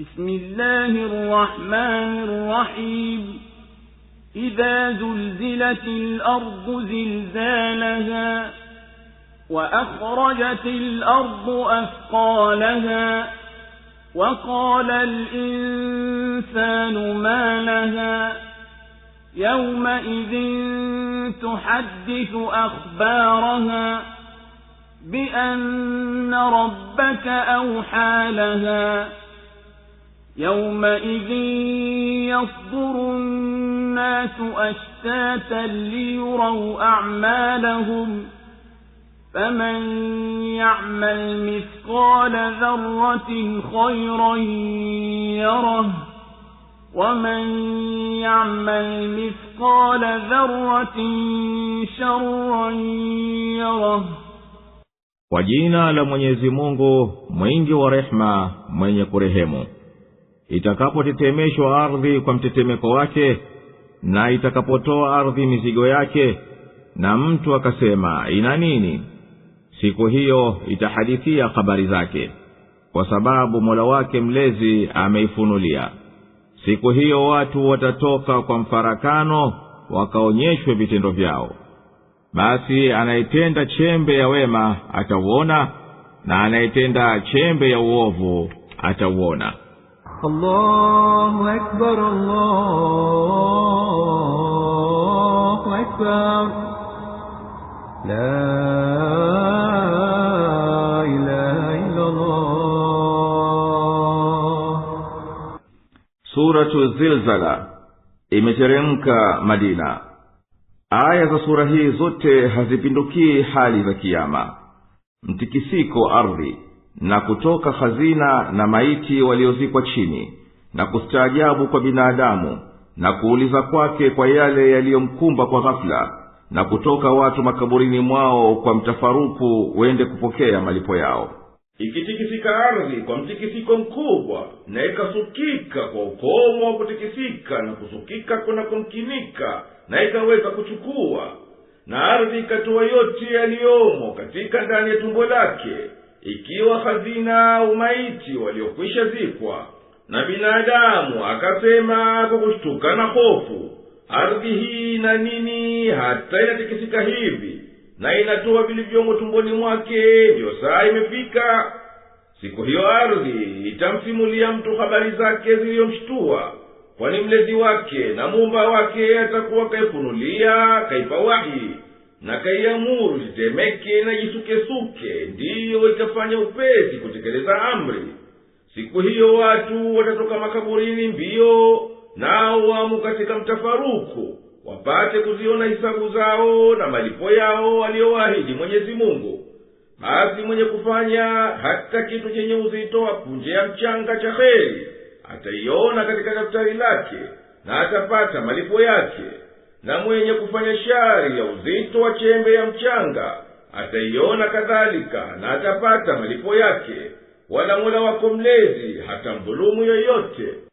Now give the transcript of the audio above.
بسم الله الرحمن الرحيم إذا زلزلت الأرض زلزالها وأخرجت الأرض أثقالها وقال الإنسان ما لها يومئذ تحدث أخبارها بأن ربك أوحى لها يومئذ يصدر الناس أشتاتا ليروا أعمالهم فمن يعمل مثقال ذرة خيرا يره ومن يعمل مثقال ذرة شرا يره وجينا لمن يزمونه من Mungu رحمة من يكرهمه itakapotetemeshwa ardhi kwa mtetemeko wake na itakapotoa ardhi mizigo yake na mtu akasema ina nini siku hiyo itahadithia habari zake kwa sababu mola wake mlezi ameifunulia siku hiyo watu watatoka kwa mfarakano wakaonyeshwe vitendo vyao basi anayetenda chembe ya wema atauona na anayetenda chembe ya uovu atauona الله أكبر الله أكبر لا إله إلا الله Suratu Zilzala imeteremka Madina. Aya za sura hii zote hazipindukii hali za Kiyama, mtikisiko ardhi na kutoka hazina na maiti waliozikwa chini na kustaajabu kwa binadamu na kuuliza kwake kwa yale yaliyomkumba kwa ghafula na kutoka watu makaburini mwao kwa mtafaruku wende kupokea malipo yao ikitikisika ardhi kwa mtikisiko mkubwa na ikasukika kwa ukomo wa kutikisika na kusukika kunakomkinika na ikaweza kuchukua na ardhi ikatoa yote yaliyomo katika ndani ya tumbo lake ikiwa hazina umaiti waliokwisha zikwa na binadamu akasema kwa kushtuka na hofu ardhi hii na nini hata inatikisika hivi na inatoa vilivyomo tumboni mwake ndiyo saa imefika siku hiyo ardhi itamsimulia mtu habari zake ziliyomshtua kwani mlezi wake na muumba wake atakuwa kaifunulia kaipa wahi na kaiamuru na jisukesuke ndiyo itafanya upesi kutekeleza amri siku hiyo watu watatoka makaburini mbio nao wamo katika mtafaruku wapate kuziona hisabu zao na malipo yao aliyowahidi mwenyezi mungu basi mwenye kufanya hata kitu chenye uzito apunje ya mchanga cha heri ataiona katika daftari lake na atapata malipo yake na mwenye kufanya shari ya uzito wa chembe ya mchanga ataiona kadhalika na atapata malipo yake wala mola wako mlezi hatamdhulumu yoyote